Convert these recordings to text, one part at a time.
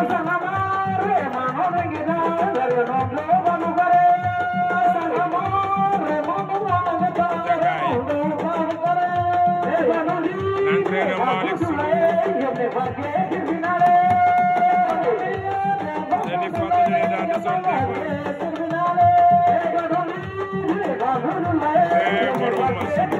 Hey, what a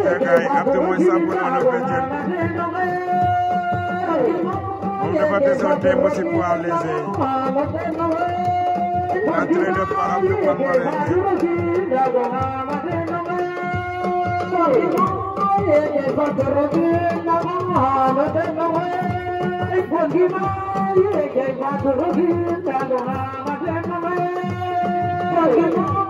kay Abdou mooy sàmm noonu béjjén moom dafa desoon démb si poids léger yi entraîné par Abdou Bambara Thank you.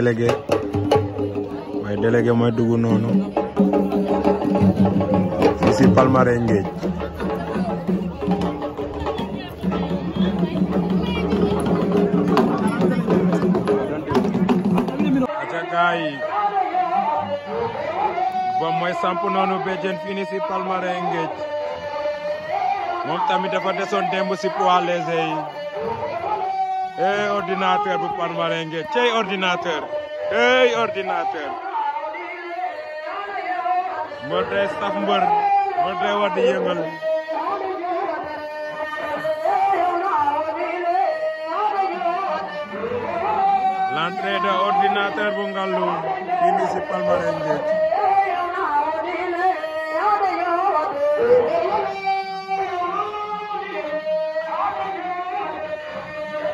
délégué waaye délégué mooy dugg noonu fii si Palmarin mooy samp noonu béjjën fii ni moom tamit dafa desoon démb si poids Hey ordinateur bu Palmarengue Hey ordinateur hey ordinateur moo dee saf mbër moo dee war di yëngal l'entrée de ordinateur bu Ngallu fii nii si Palmarengue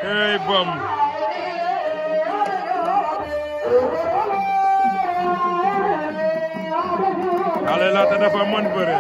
ey bom xale la te dafa mën bëre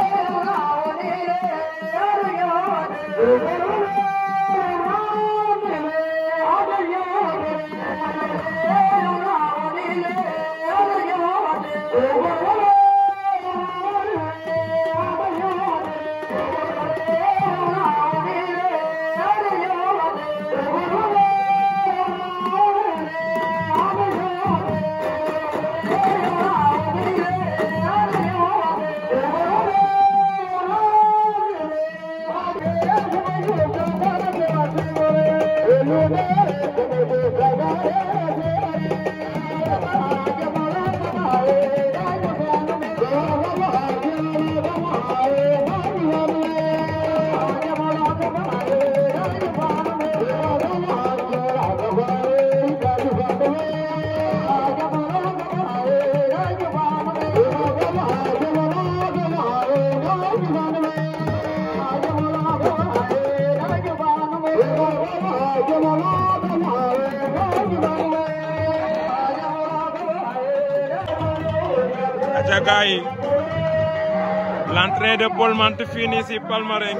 Ada de Polman te fii nii si Palmarin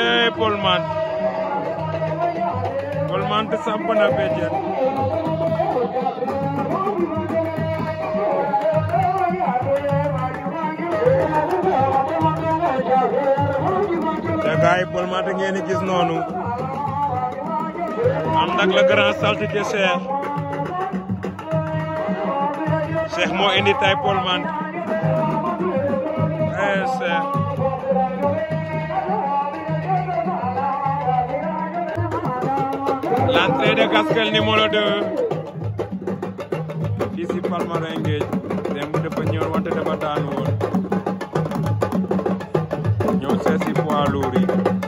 Eh Polman Polman te samp na béjjén gaay Polman te ngeen di gis nonu am nak le grand saltige Cheikh Cheikh mo indi tay Polman Sène l'entrée de Gaskel numéro 2 fii si Palmarin Nguédj démb dafa ñëw wante dafa daan woon ñëw seesi poids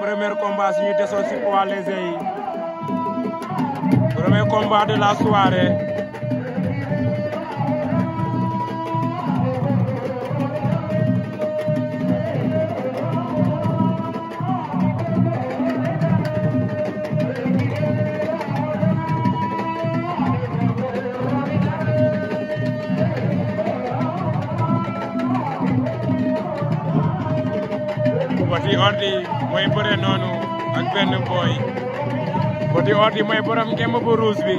premier combat suñu desoon ci poids léger yi premier combat de la soirée ngay bëre noonu ak benn booy Petit Ordi mooy borom ngemb bu ruus bi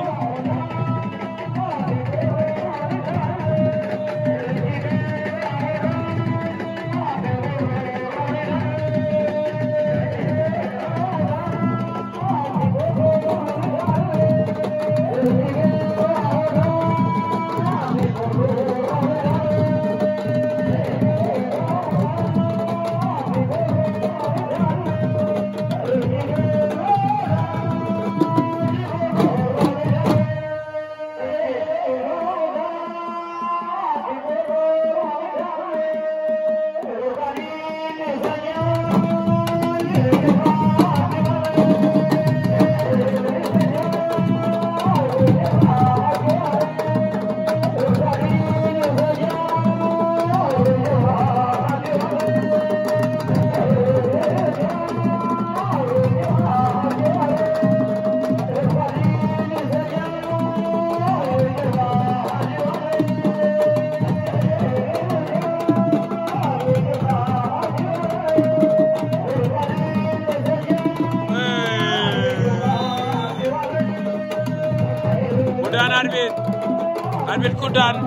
arbitre ku daan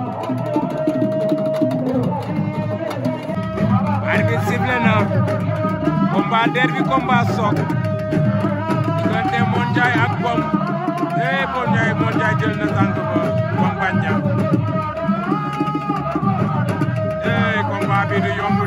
arbitre sifflé na combat derby combat soog diggante ak Ngom eh Mon Ndiaye Mon na tànk ba Ngom bañ na eh combat bi du yomb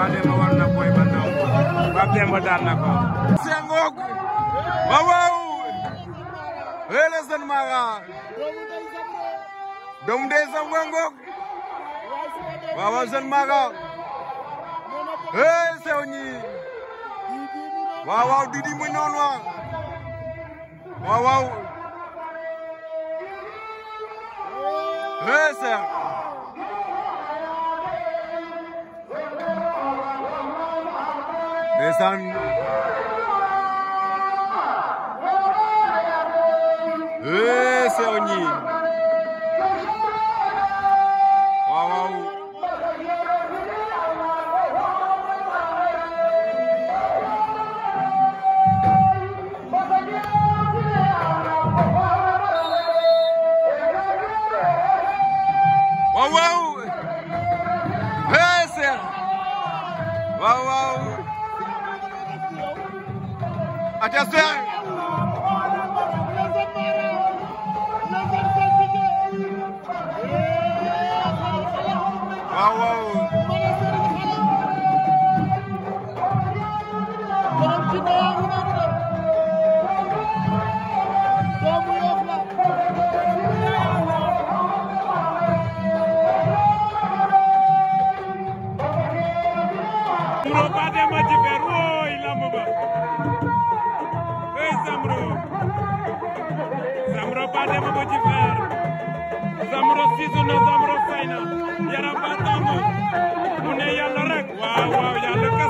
Papa Demba war na Boy Bandaw Papa Demba daan na ko sengoog ba waaw reele sen maga doomu dey samga ngoog waaw sen maga hey sew ñi waaw waaw didi mu noon wa waaw waaw hey sew based on Eh, c'est Wow. Wow wow! Wow wow! Majestade ba demba ba jifeer Zamro siisu na Zamro fay na yaram ba tàng mu ne yàlla rek waaw waaw yàlla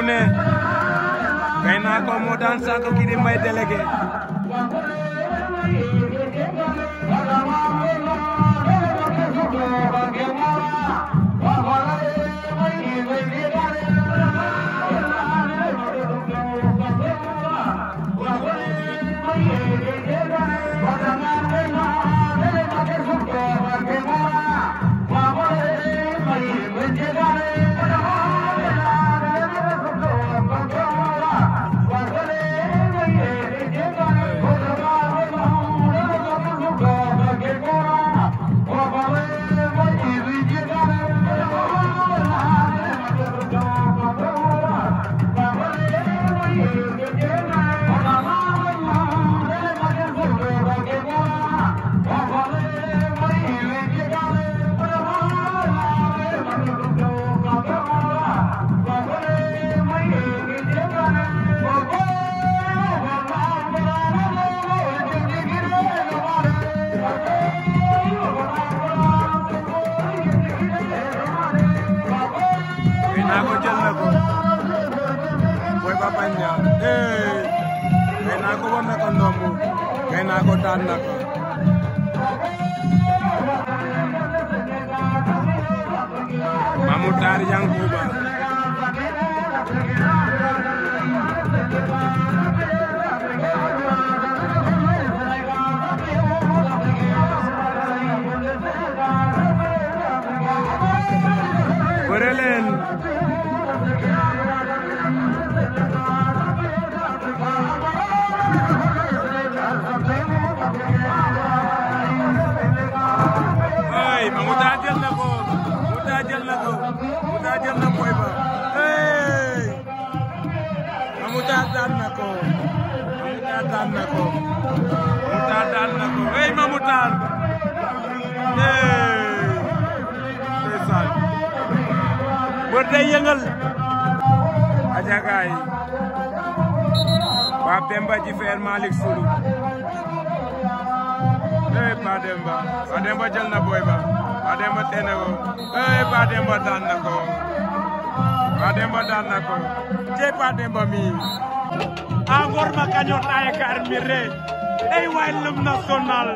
ku ne kay naa ko moo daan saako kii di mbay délégué nee naa ko daan na ko Mamour Tall Yankuba day yëngal ajagaay Pape Demba Jifeer Malick Soulou ey Pape Demba Pape Demba jël na boy ba Pape Demba teene ko ey Pape Demba daan na ko Pape Demba daan na ko cey Pape Demba mi a ngor ma kañor taye ka armi re ey waay lum national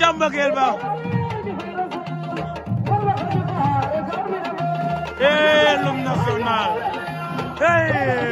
cambagel ba et l'homme national. Hey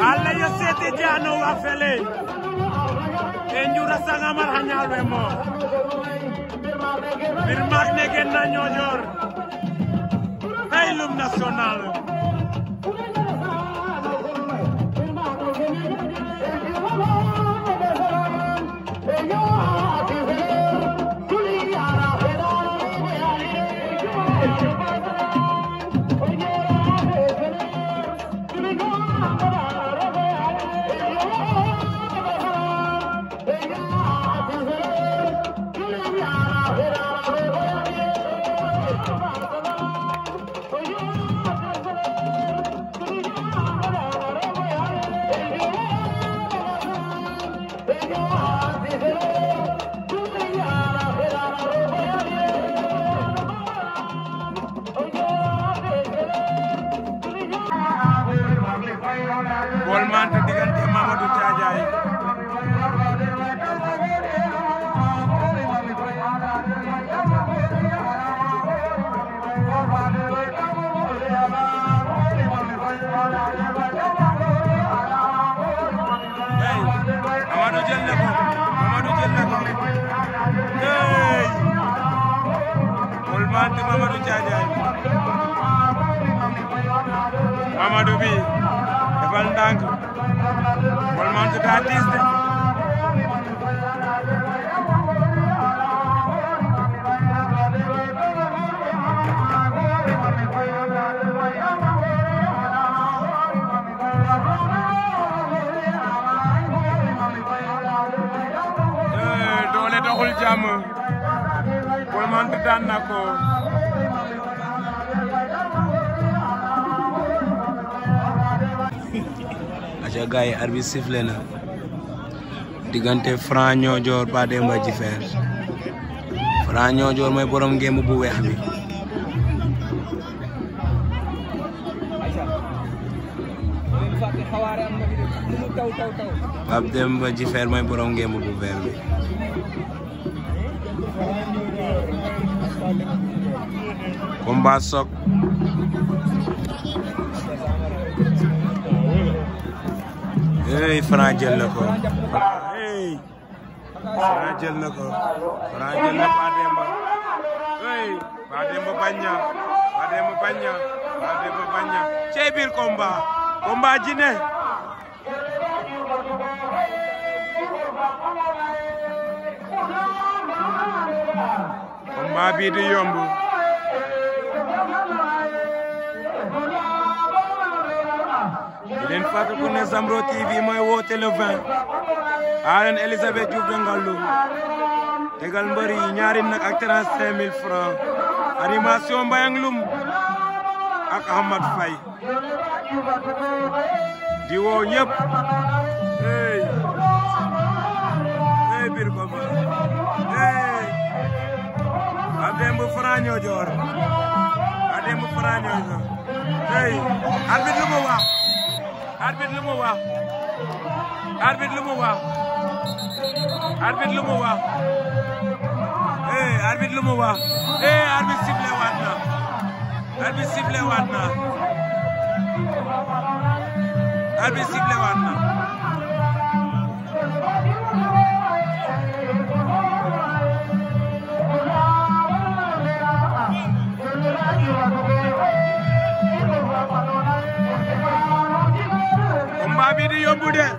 alla yo sete jano wa fele sanga mar hanyal be mo bir mak ne na ñoñor tay lum national Gol daa diis de doole doxul jàmm Paul daan na ko ca gars yi arbitre sifflé na diggante Franc Niodior Pa Demba Djifer Franc Niodior mooy borom bu weex bi Pa Demba Djifer mooy borom ngemb bu vert bi combat hey Franc jël ko hey Franc jël ko Franc jël na Bademba hey Bademba bañ na Bademba bañ na Bademba biir combat combat ji ne combat bii di leen fàttaliku ne Zambro TV mooy woote le 20 Arène Elisabeth Diouf de Ngallou mbër yi ñaari nag ak 35000 francs animation Mbayang Loum ak Ahmad Faye di woo ñëpp hey hey biir ko bi hey a démb Franc ñoo joor a démb arbitre lu mu wax arbitre lu mu wax arbitre lu mu wax eh arbitre lu mu wax eh arbitre sifflé waat na arbitre sifflé waat na arbitre sifflé waat na मुड़े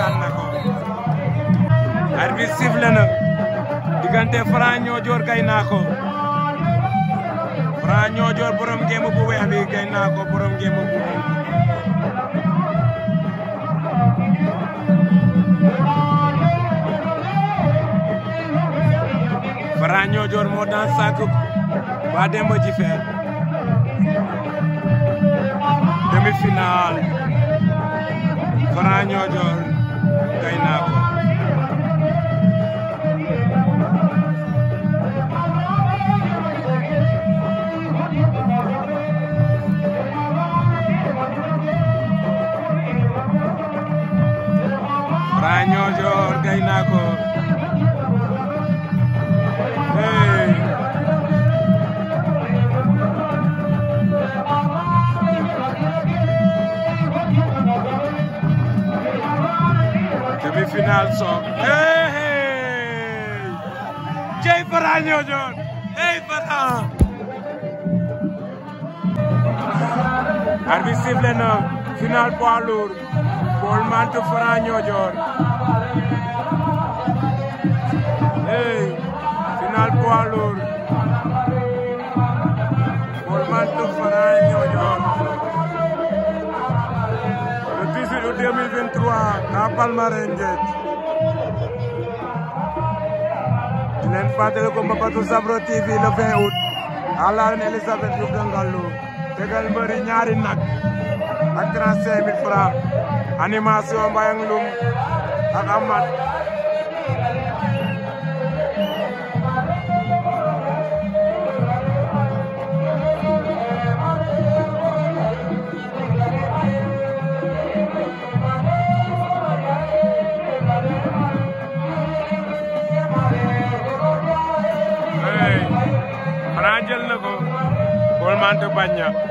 daan na ko arbitre sifflé na diggante Franc Niodior Gaynako Franc Niodior borom ngeem bu weex bi Gaynako borom ngeem bu Franc Niodior moo daan sàkk ba Demba ji feer kay naa ko final song. Hey, hey. Jai Farah John. Hey, Farah. Arbi sifflé na final poids lourd. Paul Mante Farah John. Hey, final poids lourd. Paul Mante Farah John. 2023 à leen fàttali ko Mbapatou Zambro TV le 20 août à l'arène Elisabeth Diouf de Ngallou tegal ñaari nag ak 35000 francs animation Mbayang Loum ak Amad campagna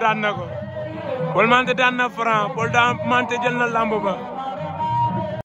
daan na ko Paul Menthe daan na Franc Paul Menthe jël na lamb